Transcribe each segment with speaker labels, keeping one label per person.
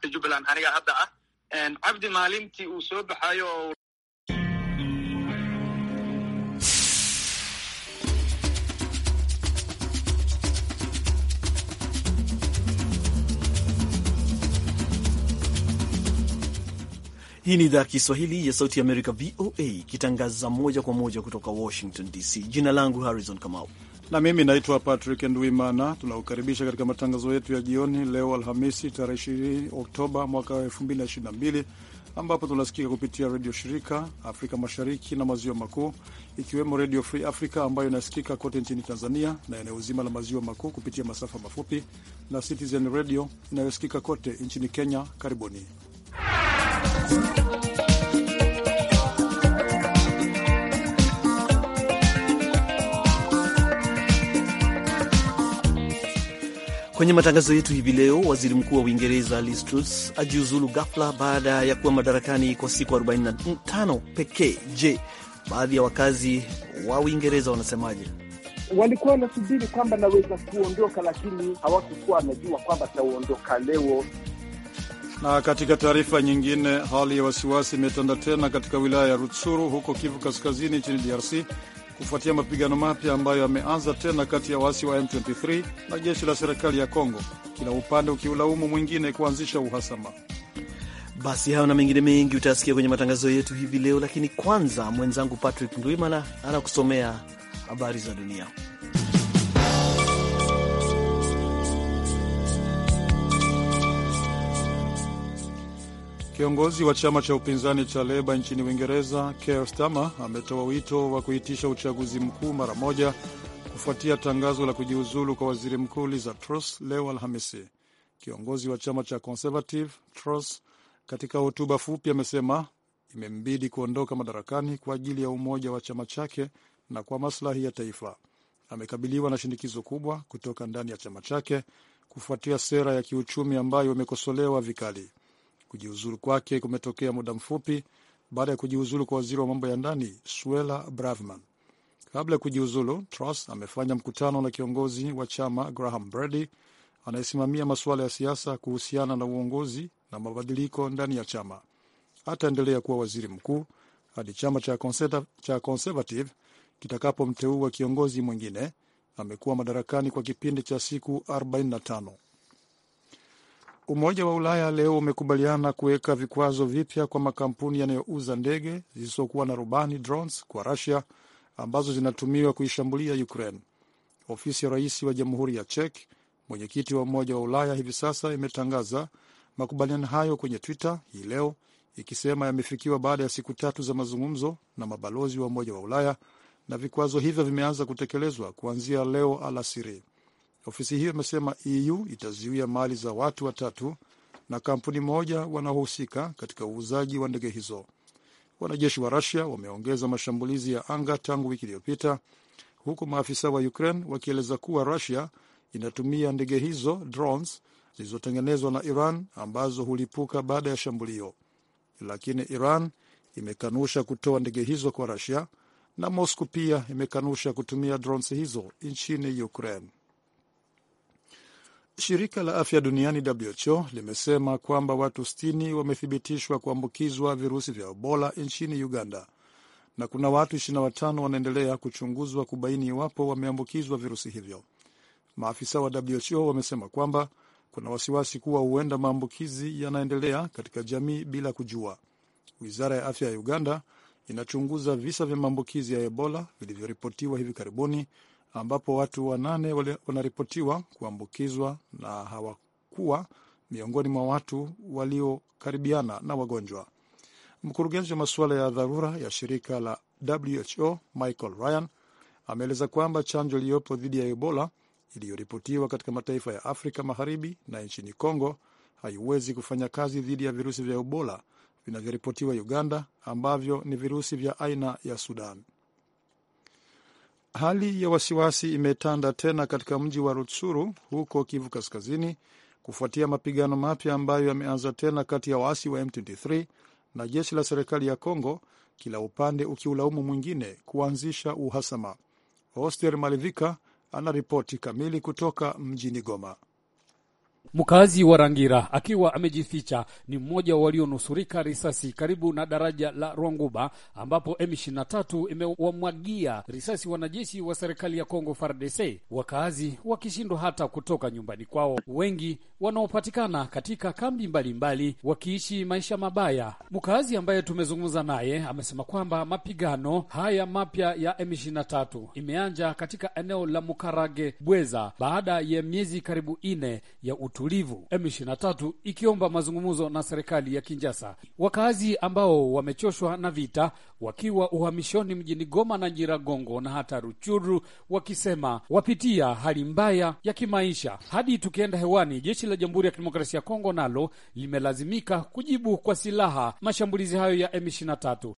Speaker 1: maamulka jubbaland aniga hadda ah cabdi maalintii uu soo baxayo
Speaker 2: Hii ni idhaa ya Kiswahili ya Sauti ya Amerika, VOA, ikitangaza moja kwa moja kutoka Washington DC. Jina langu Harrison Kamau na mimi
Speaker 3: naitwa Patrick Ndwimana. Tunakukaribisha katika matangazo yetu ya jioni leo Alhamisi tarehe 20 Oktoba mwaka 2022 ambapo tunasikika kupitia redio shirika Afrika Mashariki na Maziwa Makuu, ikiwemo Redio Free Africa ambayo inasikika kote nchini Tanzania na eneo zima la Maziwa Makuu kupitia masafa mafupi na Citizen Radio inayosikika kote nchini Kenya. Karibuni
Speaker 2: Kwenye matangazo yetu hivi leo, waziri mkuu wa Uingereza Liz Truss ajiuzulu ghafla baada ya kuwa madarakani kwa siku 45 pekee. Je, baadhi ya wakazi wa Uingereza wanasemaje?
Speaker 4: Walikuwa wanasubiri kwamba naweza kuondoka, lakini hawakukuwa wanajua kwamba tauondoka leo.
Speaker 3: Na katika taarifa nyingine, hali ya wasiwasi imetanda tena katika wilaya ya Rutsuru huko Kivu Kaskazini nchini DRC kufuatia mapigano mapya ambayo yameanza tena kati ya waasi wa M23 na jeshi la serikali ya Kongo, kila upande ukiulaumu mwingine kuanzisha
Speaker 2: uhasama. Basi hayo na mengine mengi utasikia kwenye matangazo yetu hivi leo, lakini kwanza mwenzangu Patrick Ndwimana anakusomea habari za dunia.
Speaker 3: Kiongozi wa chama cha upinzani cha Leba nchini Uingereza, Keir Starmer ametoa wito wa kuitisha uchaguzi mkuu mara moja kufuatia tangazo la kujiuzulu kwa waziri mkuu liza Truss leo Alhamisi. Kiongozi wa chama cha Conservative Truss, katika hotuba fupi, amesema imembidi kuondoka madarakani kwa ajili ya umoja wa chama chake na kwa maslahi ya taifa. Amekabiliwa na shinikizo kubwa kutoka ndani ya chama chake kufuatia sera ya kiuchumi ambayo imekosolewa vikali. Kujiuzulu kwake kumetokea muda mfupi baada ya kujiuzulu kwa waziri wa mambo ya ndani swela Braverman. Kabla ya kujiuzulu, Truss amefanya mkutano na kiongozi wa chama Graham Brady anayesimamia masuala ya siasa kuhusiana na uongozi na mabadiliko ndani ya chama. Ataendelea kuwa waziri mkuu hadi chama cha, cha Conservative kitakapomteua kiongozi mwingine. Amekuwa madarakani kwa kipindi cha siku 45. Umoja wa Ulaya leo umekubaliana kuweka vikwazo vipya kwa makampuni yanayouza ndege zisizokuwa na rubani drones kwa Russia ambazo zinatumiwa kuishambulia Ukraine. Ofisi ya rais wa jamhuri ya Czech, mwenyekiti wa Umoja wa Ulaya, hivi sasa imetangaza makubaliano hayo kwenye Twitter hii leo ikisema yamefikiwa baada ya siku tatu za mazungumzo na mabalozi wa Umoja wa Ulaya na vikwazo hivyo vimeanza kutekelezwa kuanzia leo alasiri. Ofisi hiyo imesema EU itazuia mali za watu watatu na kampuni moja wanaohusika katika uuzaji wa ndege hizo. Wanajeshi wa Rusia wameongeza mashambulizi ya anga tangu wiki iliyopita, huku maafisa wa Ukraine wakieleza kuwa Rusia inatumia ndege hizo drones zilizotengenezwa na Iran ambazo hulipuka baada ya shambulio, lakini Iran imekanusha kutoa ndege hizo kwa Rusia na Moscow pia imekanusha kutumia drones hizo nchini Ukraine. Shirika la afya duniani WHO limesema kwamba watu 60 wamethibitishwa kuambukizwa virusi vya Ebola nchini Uganda na kuna watu 25 wanaendelea kuchunguzwa kubaini iwapo wameambukizwa virusi hivyo. Maafisa wa WHO wamesema kwamba kuna wasiwasi kuwa huenda maambukizi yanaendelea katika jamii bila kujua. Wizara ya afya ya Uganda inachunguza visa vya maambukizi ya Ebola vilivyoripotiwa hivi karibuni ambapo watu wanane wanaripotiwa kuambukizwa na hawakuwa miongoni mwa watu waliokaribiana na wagonjwa. Mkurugenzi wa masuala ya dharura ya shirika la WHO Michael Ryan ameeleza kwamba chanjo iliyopo dhidi ya Ebola iliyoripotiwa katika mataifa ya Afrika Magharibi na nchini Kongo haiwezi kufanya kazi dhidi ya virusi vya Ebola vinavyoripotiwa Uganda ambavyo ni virusi vya aina ya Sudan. Hali ya wasiwasi imetanda tena katika mji wa Rutsuru huko Kivu Kaskazini kufuatia mapigano mapya ambayo yameanza tena kati ya waasi wa M23 na jeshi la serikali ya Kongo, kila upande ukiulaumu mwingine kuanzisha uhasama. Oster Malivika anaripoti kamili kutoka mjini Goma.
Speaker 5: Mkazi wa Rangira akiwa amejificha ni mmoja walionusurika risasi karibu na daraja la Rwanguba ambapo M23 imewamwagia risasi wanajeshi wa serikali ya Kongo FARDC, wakazi wakishindwa hata kutoka nyumbani kwao, wengi wanaopatikana katika kambi mbalimbali mbali, wakiishi maisha mabaya. Mkazi ambaye tumezungumza naye amesema kwamba mapigano haya mapya ya M23 imeanja katika eneo la Mukarage Bweza baada ya miezi karibu ine ya utu utulivu, M23 ikiomba mazungumzo na serikali ya kinjasa Wakazi ambao wamechoshwa na vita wakiwa uhamishoni mjini Goma na Nyiragongo na hata Ruchuru, wakisema wapitia hali mbaya ya kimaisha. Hadi tukienda hewani, jeshi la Jamhuri ya Kidemokrasia ya Kongo nalo limelazimika kujibu kwa silaha mashambulizi hayo ya M23.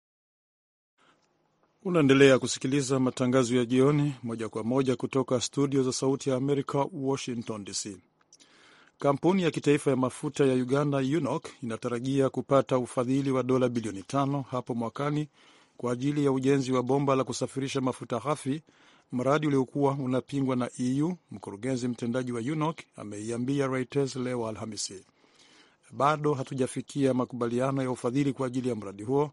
Speaker 3: Unaendelea kusikiliza matangazo ya jioni moja kwa moja kutoka studio za Sauti ya Amerika, Washington DC. Kampuni ya kitaifa ya mafuta ya Uganda UNOC inatarajia kupata ufadhili wa dola bilioni tano hapo mwakani kwa ajili ya ujenzi wa bomba la kusafirisha mafuta ghafi, mradi uliokuwa unapingwa na EU. Mkurugenzi mtendaji wa UNOC ameiambia Reuters leo Alhamisi, bado hatujafikia makubaliano ya ufadhili kwa ajili ya mradi huo,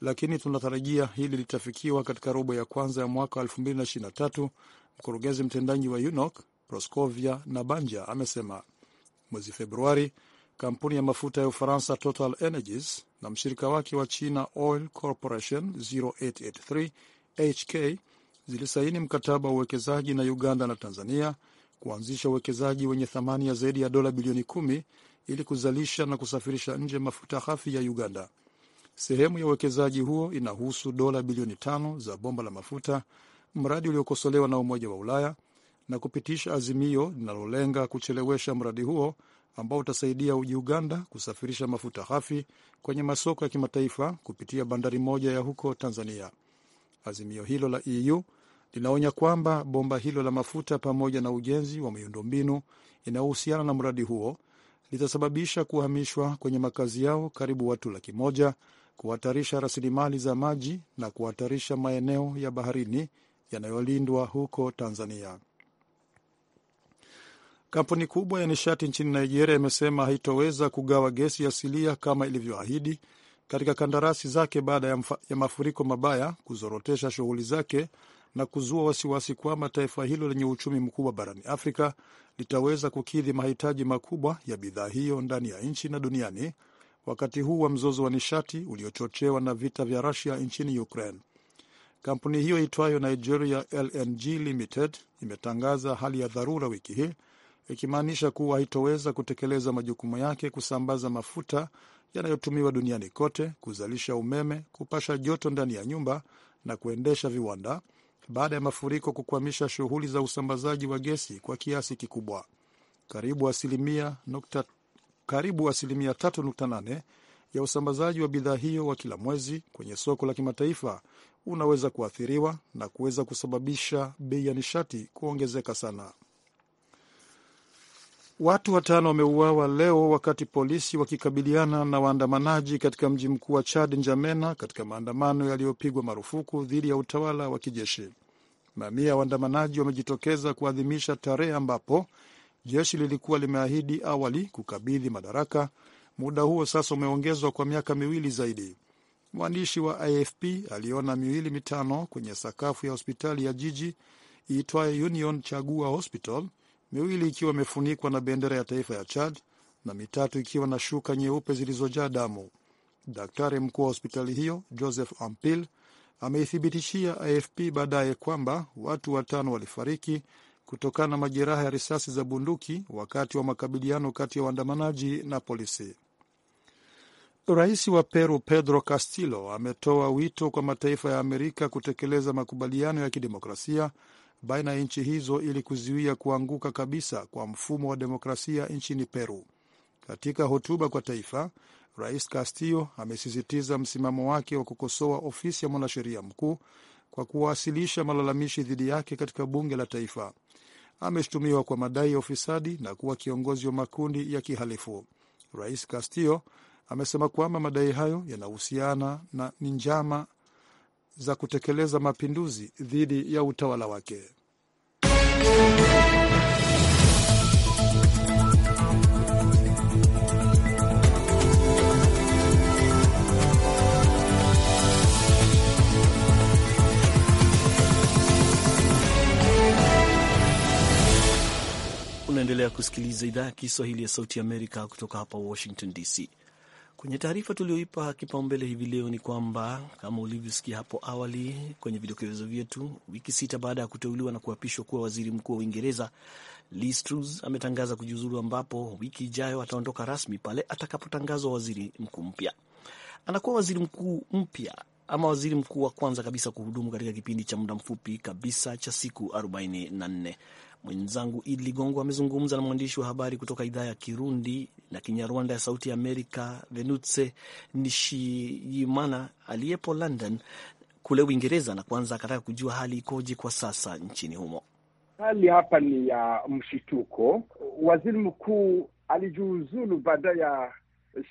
Speaker 3: lakini tunatarajia hili litafikiwa katika robo ya kwanza ya mwaka 2023. Mkurugenzi mtendaji wa UNOC Proscovia Nabanja amesema Mwezi Februari, kampuni ya mafuta ya Ufaransa Total Energies na mshirika wake wa China Oil Corporation 0883 HK zilisaini mkataba wa uwekezaji na Uganda na Tanzania kuanzisha uwekezaji wenye thamani ya zaidi ya dola bilioni kumi ili kuzalisha na kusafirisha nje mafuta ghafi ya Uganda. Sehemu ya uwekezaji huo inahusu dola bilioni tano za bomba la mafuta, mradi uliokosolewa na Umoja wa Ulaya na kupitisha azimio linalolenga kuchelewesha mradi huo ambao utasaidia uji Uganda kusafirisha mafuta ghafi kwenye masoko ya kimataifa kupitia bandari moja ya huko Tanzania. Azimio hilo la EU linaonya kwamba bomba hilo la mafuta pamoja na ujenzi wa miundombinu inayohusiana na mradi huo litasababisha kuhamishwa kwenye makazi yao karibu watu laki moja, kuhatarisha rasilimali za maji na kuhatarisha maeneo ya baharini yanayolindwa huko Tanzania. Kampuni kubwa ya nishati nchini Nigeria imesema haitoweza kugawa gesi asilia kama ilivyoahidi katika kandarasi zake baada ya, ya mafuriko mabaya kuzorotesha shughuli zake na kuzua wasiwasi kwamba taifa hilo lenye uchumi mkubwa barani Afrika litaweza kukidhi mahitaji makubwa ya bidhaa hiyo ndani ya nchi na duniani wakati huu wa mzozo wa nishati uliochochewa na vita vya Rusia nchini Ukraine. Kampuni hiyo itwayo Nigeria LNG Limited imetangaza hali ya dharura wiki hii ikimaanisha kuwa haitoweza kutekeleza majukumu yake kusambaza mafuta yanayotumiwa duniani kote, kuzalisha umeme, kupasha joto ndani ya nyumba na kuendesha viwanda, baada ya mafuriko kukwamisha shughuli za usambazaji wa gesi kwa kiasi kikubwa. Karibu asilimia nukta, karibu asilimia 3.8 ya usambazaji wa bidhaa hiyo wa kila mwezi kwenye soko la kimataifa unaweza kuathiriwa na kuweza kusababisha bei ya nishati kuongezeka sana. Watu watano wameuawa leo wakati polisi wakikabiliana na waandamanaji katika mji mkuu wa Chad, Njamena, katika maandamano yaliyopigwa marufuku dhidi ya utawala wa kijeshi. Mamia ya waandamanaji wamejitokeza kuadhimisha tarehe ambapo jeshi lilikuwa limeahidi awali kukabidhi madaraka. Muda huo sasa umeongezwa kwa miaka miwili zaidi. Mwandishi wa AFP aliona miwili mitano kwenye sakafu ya hospitali ya jiji iitwayo Union Chagua Hospital miwili ikiwa imefunikwa na bendera ya taifa ya Chad na mitatu ikiwa na shuka nyeupe zilizojaa damu. Daktari mkuu wa hospitali hiyo Joseph Ampil ameithibitishia AFP baadaye kwamba watu watano walifariki kutokana na majeraha ya risasi za bunduki wakati wa makabiliano kati ya waandamanaji na polisi. Rais wa Peru Pedro Castillo ametoa wito kwa mataifa ya Amerika kutekeleza makubaliano ya kidemokrasia baina ya nchi hizo ili kuzuia kuanguka kabisa kwa mfumo wa demokrasia nchini Peru. Katika hotuba kwa taifa, Rais Castillo amesisitiza msimamo wake wa kukosoa ofisi ya mwanasheria mkuu kwa kuwasilisha malalamishi dhidi yake katika bunge la taifa. Ameshutumiwa kwa madai ya ufisadi na kuwa kiongozi wa makundi ya kihalifu. Rais Castillo amesema kwamba madai hayo yanahusiana na ni njama za kutekeleza mapinduzi dhidi ya utawala wake.
Speaker 2: Unaendelea kusikiliza idhaa ya Kiswahili ya Sauti Amerika kutoka hapa Washington DC. Kwenye taarifa tulioipa kipaumbele hivi leo ni kwamba kama ulivyosikia hapo awali kwenye vidokezo vyetu, wiki sita baada ya kuteuliwa na kuapishwa kuwa waziri mkuu wa Uingereza, Liz Truss ametangaza kujiuzulu, ambapo wiki ijayo ataondoka rasmi pale atakapotangazwa waziri mkuu mpya. Anakuwa waziri mkuu mpya ama waziri mkuu wa kwanza kabisa kuhudumu katika kipindi cha muda mfupi kabisa cha siku 44. Mwenzangu Id Ligongo amezungumza na mwandishi wa habari kutoka idhaa ya Kirundi na Kinyarwanda ya Sauti ya Amerika, Venutse Nishiyimana aliyepo London kule Uingereza, na kwanza akataka kujua hali ikoje kwa sasa nchini humo.
Speaker 4: Hali hapa ni ya mshituko. Waziri mkuu alijiuzulu baada ya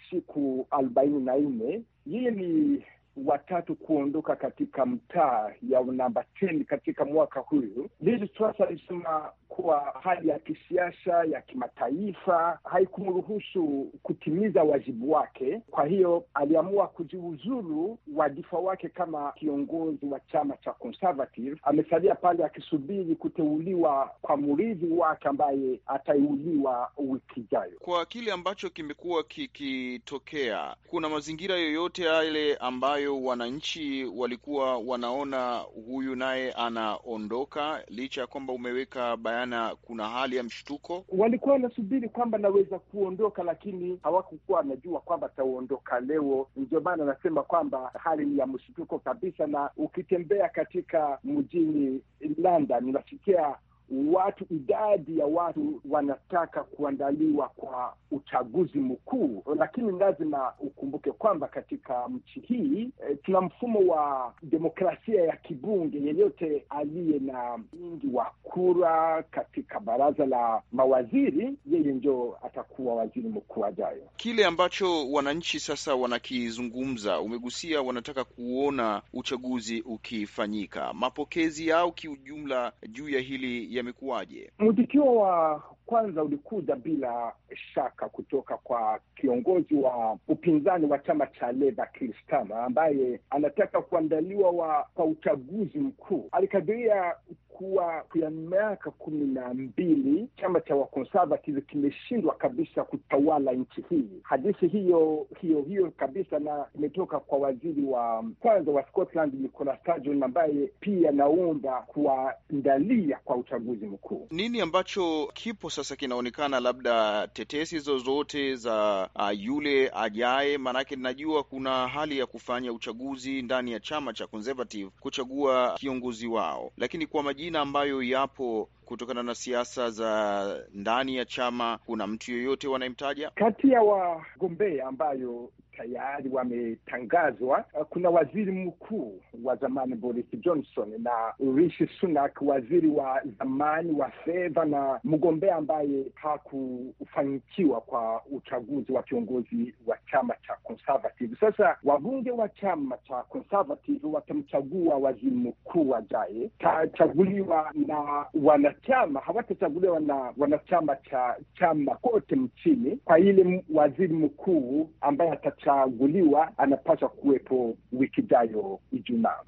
Speaker 4: siku arobaini na nne. Yeye ni watatu kuondoka katika mtaa ya namba 10 katika mwaka huyu. Liz Truss alisema kuwa hali ya kisiasa ya kimataifa haikumruhusu kutimiza wajibu wake, kwa hiyo aliamua kujiuzuru wadhifa wake kama kiongozi wa chama cha Conservative. Amesalia pale akisubiri kuteuliwa kwa mrithi wake ambaye ataiuliwa wiki ijayo.
Speaker 3: Kwa kile ambacho kimekuwa kikitokea, kuna mazingira yoyote yale ambayo ambayo wananchi walikuwa wanaona huyu naye anaondoka, licha ya kwamba umeweka bayana kuna hali ya mshtuko?
Speaker 4: Walikuwa wanasubiri kwamba naweza kuondoka, lakini hawakukuwa wanajua kwamba ataondoka leo. Ndio maana anasema kwamba hali ni ya mshtuko kabisa, na ukitembea katika mjini London unasikia watu, idadi ya watu wanataka kuandaliwa kwa uchaguzi mkuu, lakini lazima ukumbuke kwamba katika nchi hii e, tuna mfumo wa demokrasia ya kibunge. Yeyote aliye na wingi wa kura katika baraza la mawaziri, yeye ndio atakuwa waziri mkuu ajayo.
Speaker 3: Kile ambacho wananchi sasa wanakizungumza, umegusia, wanataka kuona uchaguzi ukifanyika. Mapokezi yao kiujumla juu ya hili ya yamekuwaje?
Speaker 4: Mwitikio wa kwanza ulikuja bila shaka kutoka kwa kiongozi wa upinzani wa chama cha Leba Kristama ambaye anataka kuandaliwa kwa uchaguzi mkuu. Alikadiria kuwa kwa miaka kumi na mbili chama cha wakonservative kimeshindwa kabisa kutawala nchi hii. Hadithi hiyo hiyo hiyo kabisa, na imetoka kwa waziri wa kwanza wa Scotland Nicola Sturgeon, ambaye pia anaomba kuandalia kwa uchaguzi mkuu.
Speaker 3: Nini ambacho kipo sasa kinaonekana, labda tetesi zozote za yule ajaye? Maanake najua kuna hali ya kufanya uchaguzi ndani ya chama cha Conservative kuchagua kiongozi wao, lakini kwa majina majina ambayo yapo kutokana na siasa za ndani ya chama, kuna mtu yoyote wanayemtaja
Speaker 4: kati ya wagombea ambayo tayari wametangazwa. Kuna waziri mkuu wa zamani Boris Johnson na Rishi Sunak, waziri wa zamani wa fedha na mgombea ambaye hakufanikiwa kwa uchaguzi wa kiongozi wa chama cha Conservative. Sasa wabunge wa chama cha Conservative watamchagua waziri mkuu ajaye, tachaguliwa na wanachama, hawatachaguliwa na wanachama cha chama kote mchini, kwa ile waziri mkuu ambaye atachaguliwa anapaswa kuwepo wiki ijayo Ijumaa.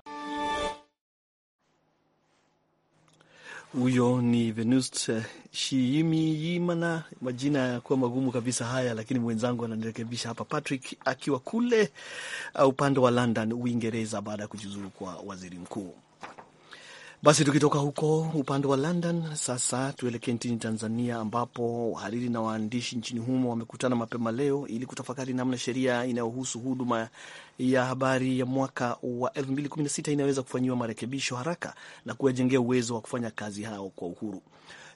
Speaker 2: Huyo ni Venust Shiimiyimana, majina yanakuwa magumu kabisa haya, lakini mwenzangu ananirekebisha hapa, Patrick akiwa kule uh, upande wa London, Uingereza, baada ya kujiuzuru kwa waziri mkuu. Basi tukitoka huko upande wa London sasa tuelekee nchini Tanzania, ambapo wahariri na waandishi nchini humo wamekutana mapema leo ili kutafakari namna sheria inayohusu huduma ya habari ya mwaka wa 2016 inaweza kufanyiwa marekebisho haraka na kuwajengea uwezo wa kufanya kazi hao kwa uhuru.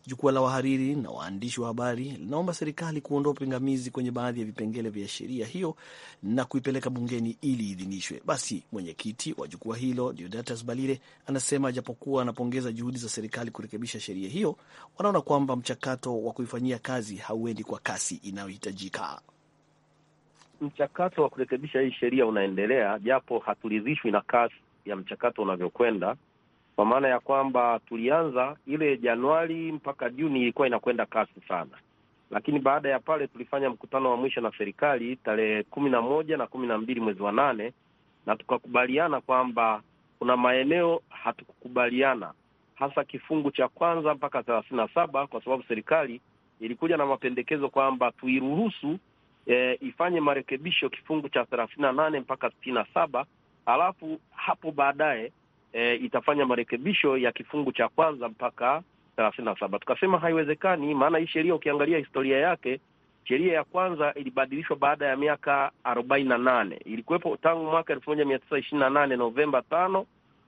Speaker 2: Jukwaa la wahariri na waandishi wa habari linaomba serikali kuondoa pingamizi kwenye baadhi ya vipengele vya sheria hiyo na kuipeleka bungeni ili idhinishwe. Basi mwenyekiti wa jukwaa hilo Deodatus Balile anasema japokuwa anapongeza juhudi za serikali kurekebisha sheria hiyo, wanaona kwamba mchakato wa kuifanyia kazi hauendi kwa kasi inayohitajika.
Speaker 1: Mchakato wa kurekebisha hii sheria unaendelea, japo haturidhishwi na kasi ya mchakato unavyokwenda kwa maana ya kwamba tulianza ile Januari mpaka Juni ilikuwa inakwenda kasi sana, lakini baada ya pale tulifanya mkutano wa mwisho na serikali tarehe kumi na moja na kumi na mbili mwezi wa nane na tukakubaliana kwamba kuna maeneo hatukukubaliana hasa kifungu cha kwanza mpaka thelathini na saba kwa sababu serikali ilikuja na mapendekezo kwamba tuiruhusu e, ifanye marekebisho kifungu cha thelathini na nane mpaka sitini na saba alafu hapo baadaye e, itafanya marekebisho ya kifungu cha kwanza mpaka thelathini na saba. Tukasema haiwezekani, maana hii sheria ukiangalia historia yake, sheria ya kwanza ilibadilishwa baada ya miaka arobaini na nane ilikuwepo tangu mwaka elfu moja mia tisa ishirini na nane Novemba tano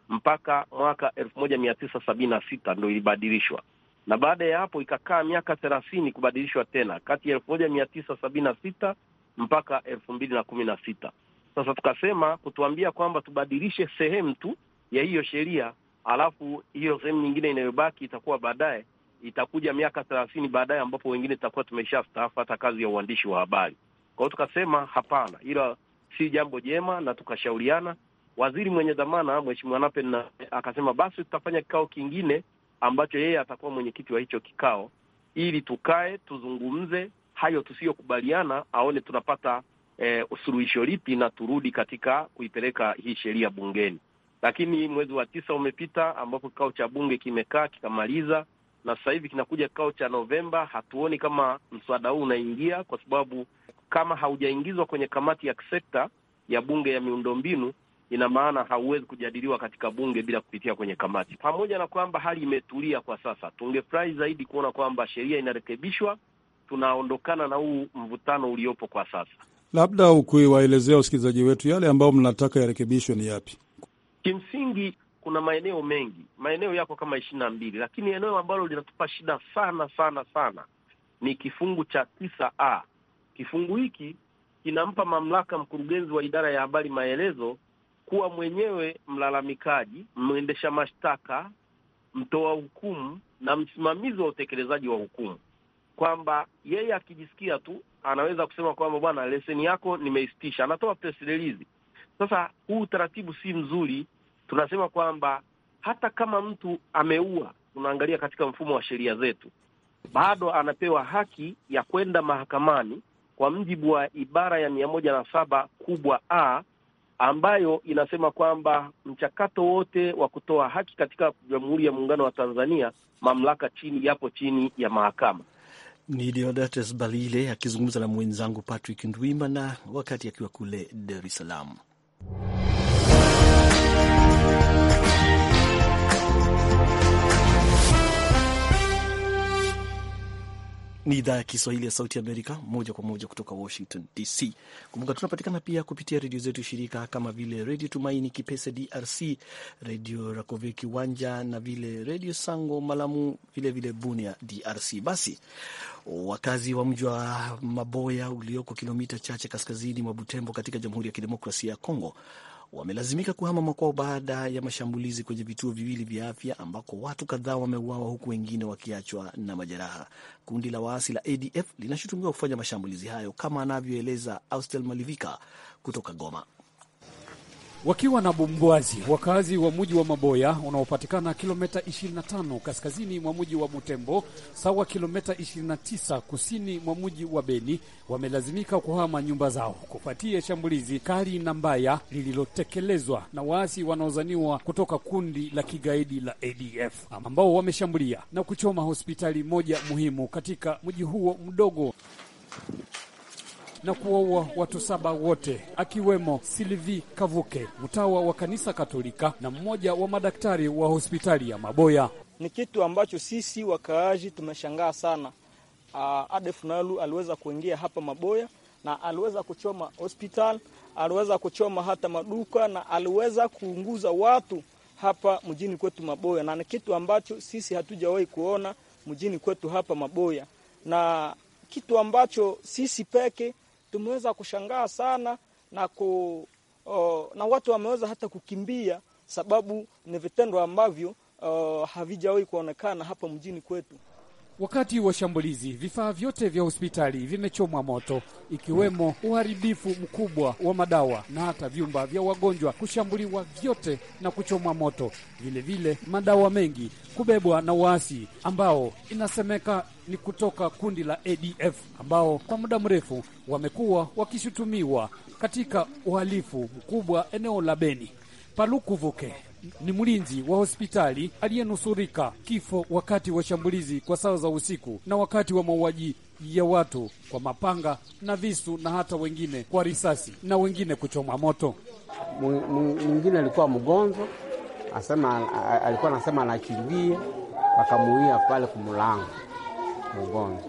Speaker 1: mpaka mwaka elfu moja mia tisa sabini na sita ndo ilibadilishwa, na baada ya hapo ikakaa miaka thelathini kubadilishwa tena kati ya elfu moja mia tisa sabini na sita mpaka elfu mbili na kumi na sita. Sasa tukasema kutuambia kwamba tubadilishe sehemu tu ya hiyo sheria, alafu hiyo sehemu nyingine inayobaki itakuwa baadaye, itakuja miaka thelathini baadaye, ambapo wengine tutakuwa tumeshastaafu hata kazi ya uandishi wa habari. Kwa hiyo tukasema hapana, ila si jambo jema, na tukashauriana. Waziri mwenye dhamana Mheshimiwa Nape na akasema basi tutafanya kikao kingine ambacho yeye atakuwa mwenyekiti wa hicho kikao, ili tukae tuzungumze hayo tusiyokubaliana, aone tunapata e, suluhisho lipi na turudi katika kuipeleka hii sheria bungeni. Lakini mwezi wa tisa umepita ambapo kikao cha bunge kimekaa kikamaliza, na sasa hivi kinakuja kikao cha Novemba. Hatuoni kama mswada huu unaingia, kwa sababu kama haujaingizwa kwenye kamati ya sekta ya bunge ya miundombinu, ina maana hauwezi kujadiliwa katika bunge bila kupitia kwenye kamati. Pamoja na kwamba hali imetulia kwa sasa, tungefurahi zaidi kuona kwamba sheria inarekebishwa, tunaondokana na huu mvutano uliopo kwa sasa.
Speaker 3: Labda ukiwaelezea wasikilizaji wetu yale ambayo mnataka yarekebishwe ni yapi?
Speaker 1: Kimsingi kuna maeneo mengi, maeneo yako kama ishirini na mbili, lakini eneo ambalo linatupa shida sana sana sana ni kifungu cha tisa a. Kifungu hiki kinampa mamlaka mkurugenzi wa idara ya habari maelezo kuwa mwenyewe mlalamikaji, mwendesha mashtaka, mtoa
Speaker 6: hukumu
Speaker 1: na msimamizi wa utekelezaji wa hukumu, kwamba yeye akijisikia tu anaweza kusema kwamba bwana, leseni yako nimeisitisha. Anatoa press release sasa huu utaratibu si mzuri. Tunasema kwamba hata kama mtu ameua, tunaangalia katika mfumo wa sheria zetu, bado anapewa haki ya kwenda mahakamani kwa mjibu wa ibara ya mia moja na saba kubwa a ambayo inasema kwamba mchakato wote wa kutoa haki katika Jamhuri ya Muungano wa Tanzania, mamlaka chini yapo chini ya
Speaker 2: mahakama. Ni Deodatus Balile akizungumza na mwenzangu Patrick Ndwimana wakati akiwa kule Dar es Salaam. Ni idhaa ya Kiswahili ya Sauti Amerika, moja kwa moja kutoka Washington DC. Kumbuka tunapatikana pia kupitia redio zetu shirika kama vile Redio Tumaini Kipese DRC, Redio Rakove Kiwanja na vile Redio Sango Malamu, vilevile Bunia DRC. Basi Wakazi wa mji wa Maboya ulioko kilomita chache kaskazini mwa Butembo katika Jamhuri ya Kidemokrasia ya Kongo wamelazimika kuhama makwao baada ya mashambulizi kwenye vituo viwili vya afya ambako watu kadhaa wameuawa huku wengine wakiachwa na majeraha. Kundi la waasi la ADF linashutumiwa kufanya mashambulizi hayo, kama anavyoeleza Austel Malivika kutoka Goma. Wakiwa na bumbwazi, wakazi wa mji
Speaker 5: wa Maboya unaopatikana kilomita 25 kaskazini mwa mji wa Butembo, sawa kilomita 29 kusini mwa mji wa Beni, wamelazimika kuhama nyumba zao kufuatia shambulizi kali na mbaya lililotekelezwa na waasi wanaozaniwa kutoka kundi la kigaidi la ADF ambao wameshambulia na kuchoma hospitali moja muhimu katika mji huo mdogo na kuwaua watu saba wote akiwemo Silvi Kavuke, mtawa wa kanisa Katolika na mmoja wa madaktari wa hospitali ya Maboya. Ni kitu ambacho sisi wakaaji tumeshangaa
Speaker 1: sana. Uh, ah, Nalu aliweza kuingia hapa Maboya na aliweza kuchoma hospital, aliweza kuchoma hata maduka na aliweza kuunguza watu hapa mjini kwetu Maboya, na ni kitu ambacho sisi hatujawahi kuona mjini kwetu hapa Maboya, na kitu ambacho sisi peke tumeweza kushangaa sana na, ku, o, na watu wameweza hata kukimbia sababu ni vitendo ambavyo havijawahi kuonekana hapa mjini kwetu.
Speaker 5: Wakati wa shambulizi, vifaa vyote vya hospitali vimechomwa moto, ikiwemo uharibifu mkubwa wa madawa na hata vyumba vya wagonjwa kushambuliwa vyote na kuchomwa moto. Vilevile vile, madawa mengi kubebwa na waasi ambao inasemeka ni kutoka kundi la ADF ambao kwa muda mrefu wamekuwa wakishutumiwa katika uhalifu mkubwa eneo la Beni. Palukuvuke ni mlinzi wa hospitali aliyenusurika kifo wakati wa shambulizi kwa saa za usiku na wakati wa mauaji ya watu kwa mapanga na visu na hata wengine kwa risasi na wengine kuchomwa moto. Mwingine alikuwa mgonjwa, asema alikuwa anasema anakimbia, wakamuia pale kumlango mgonjwa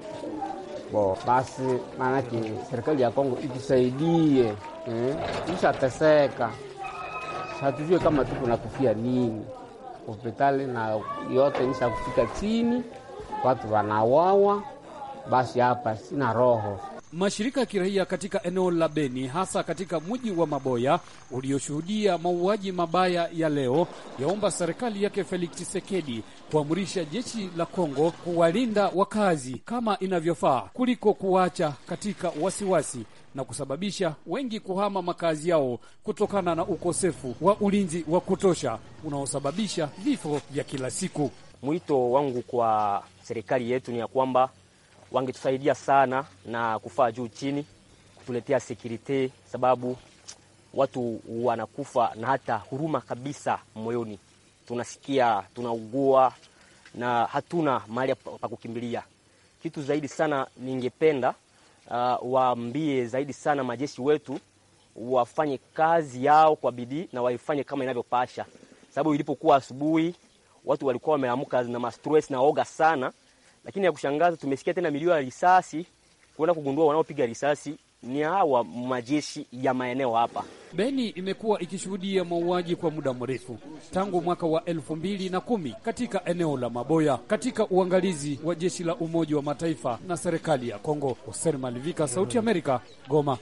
Speaker 5: bo. Basi maanake serikali ya Kongo itusaidie eh, ishateseka hatujue kama tuko kufia nini. Hospitali na yote nisha kufika chini, watu wanawawa, basi hapa sina roho. Mashirika ya kiraia katika eneo la Beni, hasa katika mji wa Maboya ulioshuhudia mauaji mabaya ya leo, yaomba serikali yake Felix Tshisekedi kuamrisha jeshi la Kongo kuwalinda wakazi kama inavyofaa kuliko kuwacha katika wasiwasi na kusababisha wengi kuhama makazi yao kutokana na ukosefu wa ulinzi wa kutosha unaosababisha vifo vya kila siku. Mwito wangu kwa serikali yetu ni ya
Speaker 1: kwamba wangetusaidia sana na kufaa juu chini kutuletea sekurite, sababu watu wanakufa na hata huruma kabisa moyoni. Tunasikia tunaugua na hatuna mahali pa kukimbilia. Kitu zaidi sana ningependa uh, waambie zaidi sana majeshi wetu wafanye kazi yao kwa bidii na waifanye kama inavyopasha, sababu ilipokuwa asubuhi watu walikuwa wameamka na mastress na oga sana, lakini ya kushangaza tumesikia tena milio ya risasi kuenda kugundua wanaopiga risasi ni hawa majeshi
Speaker 5: ya maeneo hapa. Beni imekuwa ikishuhudia mauaji kwa muda mrefu tangu mwaka wa elfu mbili na kumi katika eneo la Maboya katika uangalizi wa jeshi la Umoja wa Mataifa na serikali ya Kongo. Hosen Malivika, Sauti ya Amerika, Goma.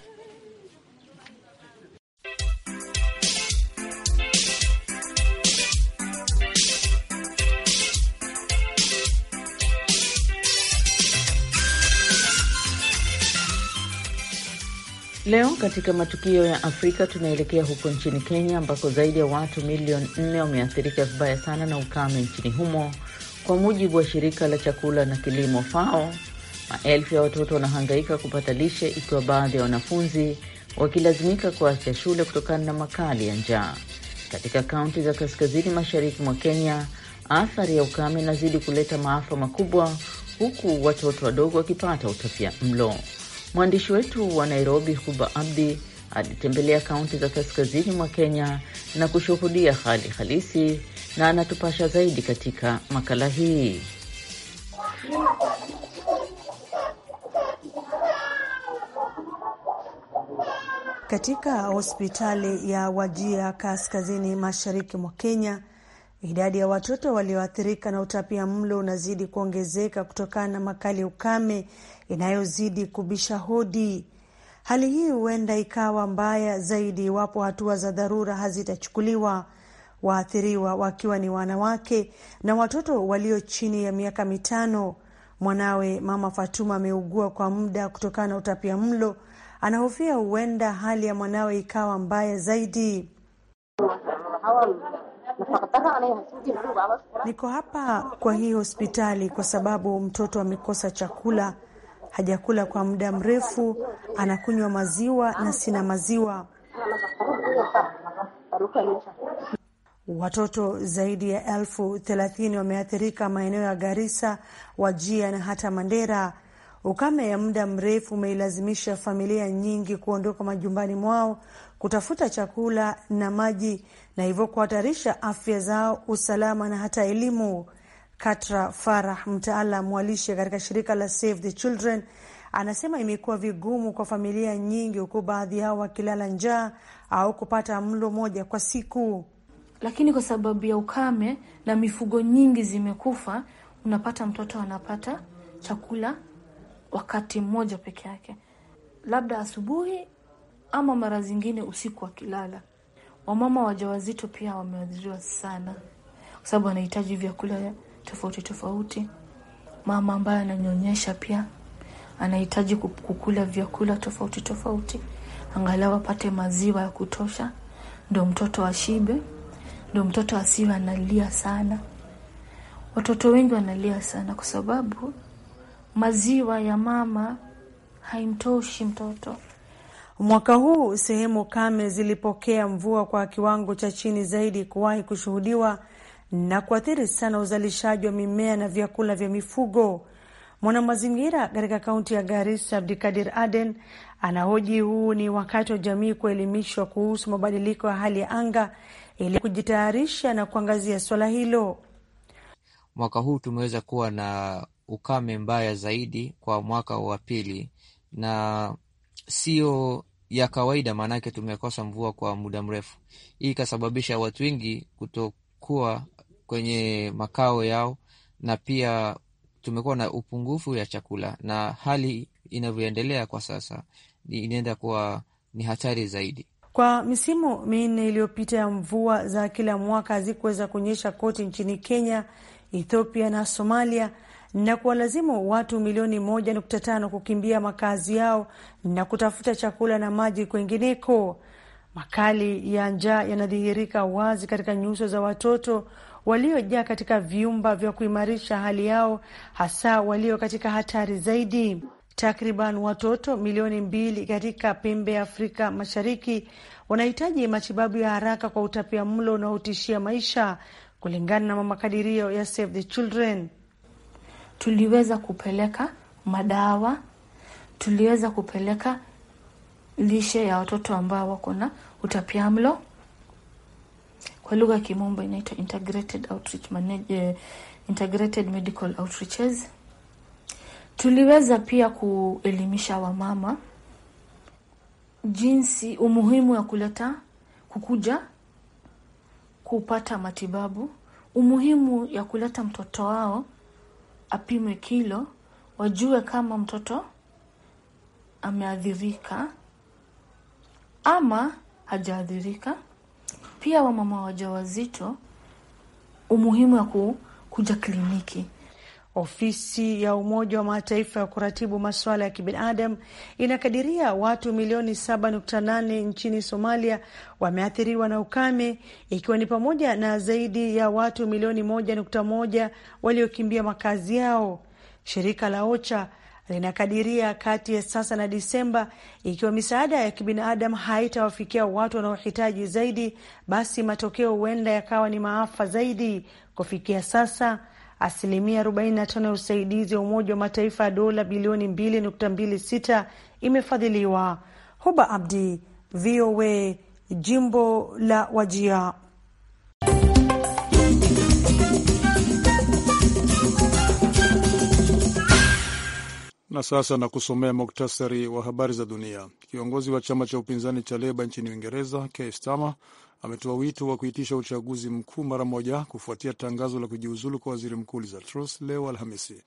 Speaker 7: Leo katika
Speaker 6: matukio ya Afrika tunaelekea huko nchini Kenya ambako zaidi ya watu milioni nne wameathirika vibaya sana na ukame nchini humo, kwa mujibu wa shirika la chakula na kilimo FAO. Maelfu ya watoto wanahangaika kupata lishe, ikiwa baadhi ya wanafunzi wakilazimika kuacha shule kutokana na makali ya njaa. Katika kaunti za kaskazini mashariki mwa Kenya, athari ya ukame inazidi kuleta maafa makubwa, huku watoto wadogo wakipata utapia mlo. Mwandishi wetu wa Nairobi, Huba Abdi, alitembelea kaunti za kaskazini mwa Kenya na kushuhudia hali halisi, na anatupasha zaidi katika makala hii.
Speaker 7: Katika hospitali ya Wajia kaskazini mashariki mwa Kenya, idadi ya watoto walioathirika na utapia mlo unazidi kuongezeka kutokana na makali ukame inayozidi kubisha hodi. Hali hii huenda ikawa mbaya zaidi iwapo hatua za dharura hazitachukuliwa, waathiriwa wakiwa ni wanawake na watoto walio chini ya miaka mitano. Mwanawe Mama Fatuma ameugua kwa muda kutokana na utapia mlo. Anahofia huenda hali ya mwanawe ikawa mbaya zaidi. Niko hapa kwa hii hospitali kwa sababu mtoto amekosa chakula hajakula kwa muda mrefu, anakunywa maziwa na sina maziwa. Watoto zaidi ya elfu thelathini wameathirika maeneo ya Garissa, Wajia na hata Mandera. Ukame ya muda mrefu umeilazimisha familia nyingi kuondoka majumbani mwao kutafuta chakula na maji, na hivyo kuhatarisha afya zao, usalama na hata elimu. Katra Farah, mtaalam wa lishe katika shirika la Save the Children, anasema imekuwa vigumu kwa familia nyingi, huku baadhi yao wakilala njaa au kupata mlo moja kwa siku. Lakini kwa sababu ya
Speaker 6: ukame na mifugo nyingi zimekufa, unapata mtoto anapata chakula wakati mmoja peke yake, labda asubuhi ama mara zingine usiku wakilala. Wamama wajawazito pia wameadhiriwa sana, kwa sababu wanahitaji vyakula tofauti tofauti. Mama ambaye ananyonyesha pia anahitaji kukula vyakula tofauti tofauti, angalau apate maziwa ya kutosha, ndo mtoto ashibe, ndo mtoto asiwe analia sana. Watoto wengi wanalia sana kwa sababu maziwa ya mama haimtoshi mtoto.
Speaker 7: Mwaka huu sehemu kame zilipokea mvua kwa kiwango cha chini zaidi kuwahi kushuhudiwa na kuathiri sana uzalishaji wa mimea na vyakula vya mifugo. Mwanamazingira katika kaunti ya Garissa, Abdikadir Aden, anahoji huu ni wakati wa jamii kuelimishwa kuhusu mabadiliko ya hali ya anga ili kujitayarisha na kuangazia swala hilo.
Speaker 6: Mwaka huu tumeweza kuwa na ukame mbaya zaidi kwa mwaka wa pili, na sio ya kawaida, maanake tumekosa mvua kwa muda mrefu. Hii ikasababisha watu wengi kuto kuwa kwenye makao yao, na pia tumekuwa na upungufu ya chakula, na hali inavyoendelea kwa sasa inaenda kuwa ni hatari zaidi.
Speaker 7: Kwa misimu minne iliyopita ya mvua za kila mwaka hazikuweza kunyesha kote nchini Kenya, Ethiopia na Somalia na kuwalazimu watu milioni moja nukta tano kukimbia makazi yao na kutafuta chakula na maji kwengineko. Makali ya njaa yanadhihirika wazi katika nyuso za watoto waliojaa katika vyumba vya kuimarisha hali yao, hasa walio katika hatari zaidi. Takriban watoto milioni mbili katika pembe ya Afrika Mashariki wanahitaji matibabu ya haraka kwa utapia mlo unaotishia maisha, kulingana na makadirio ya Save the Children. Tuliweza kupeleka
Speaker 6: madawa, tuliweza kupeleka lishe ya watoto ambao wako na utapiamlo kwa lugha ya kimombo inaitwa integrated outreach manage, eh, integrated medical outreaches. Tuliweza pia kuelimisha wamama jinsi umuhimu wa kuleta kukuja kupata matibabu, umuhimu ya kuleta mtoto wao apimwe kilo, wajue kama mtoto ameathirika ama hajaadhirika. Pia wamama wajawazito, umuhimu wa ku, kuja kliniki.
Speaker 7: Ofisi ya Umoja wa Mataifa ya kuratibu masuala ya kibinadamu inakadiria watu milioni 7.8 nchini Somalia wameathiriwa na ukame, ikiwa ni pamoja na zaidi ya watu milioni 1.1 waliokimbia makazi yao. Shirika la OCHA linakadiria kati ya sasa na Disemba, ikiwa misaada ya kibinadamu haitawafikia watu wanaohitaji zaidi, basi matokeo huenda yakawa ni maafa zaidi. Kufikia sasa asilimia 45 ya usaidizi wa Umoja wa Mataifa ya dola bilioni 2.26 imefadhiliwa. Huba Abdi, VOA, jimbo la Wajia.
Speaker 3: Na sasa na kusomea muktasari wa habari za dunia. Kiongozi wa chama cha upinzani cha Leba nchini Uingereza, Keir Starmer ametoa wito wa kuitisha uchaguzi mkuu mara moja kufuatia tangazo la kujiuzulu kwa waziri mkuu Liz Truss leo Alhamisi.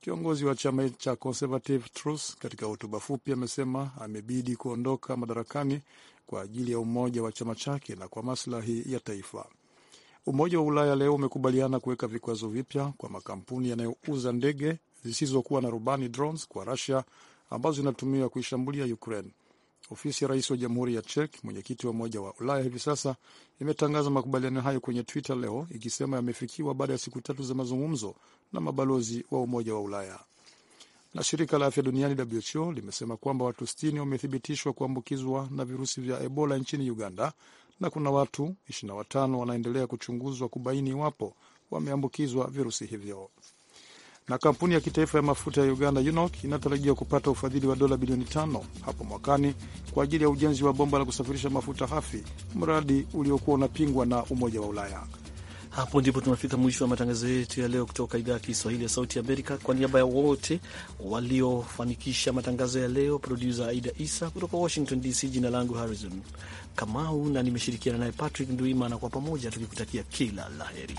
Speaker 3: Kiongozi wa chama cha Conservative Truss katika hotuba fupi amesema amebidi kuondoka madarakani kwa ajili ya umoja wa chama chake na kwa maslahi ya taifa. Umoja wa Ulaya leo umekubaliana kuweka vikwazo vipya kwa makampuni yanayouza ndege zisizokuwa na rubani drones kwa Rusia ambazo zinatumiwa kuishambulia Ukraine. Ofisi ya rais wa jamhuri ya Czech, mwenyekiti wa Umoja wa Ulaya hivi sasa, imetangaza makubaliano hayo kwenye Twitter leo ikisema yamefikiwa baada ya siku tatu za mazungumzo na mabalozi wa Umoja wa Ulaya. Na shirika la afya duniani WHO limesema kwamba watu 60 wamethibitishwa kuambukizwa na virusi vya Ebola nchini Uganda na kuna watu 25 wanaendelea kuchunguzwa kubaini iwapo wameambukizwa virusi hivyo na kampuni ya kitaifa ya mafuta ya Uganda UNOC inatarajiwa kupata ufadhili wa dola bilioni tano hapo mwakani kwa ajili ya ujenzi wa bomba
Speaker 2: la kusafirisha mafuta hafi, mradi uliokuwa unapingwa na Umoja wa Ulaya. Hapo ndipo tunafika mwisho wa matangazo yetu ya leo kutoka idhaa ya Kiswahili ya Sauti Amerika. Kwa niaba ya wote waliofanikisha matangazo ya leo, produsa Aida Isa kutoka Washington DC, jina langu Harrison Kamau na nimeshirikiana naye Patrick Nduimana, kwa pamoja tukikutakia kila la heri.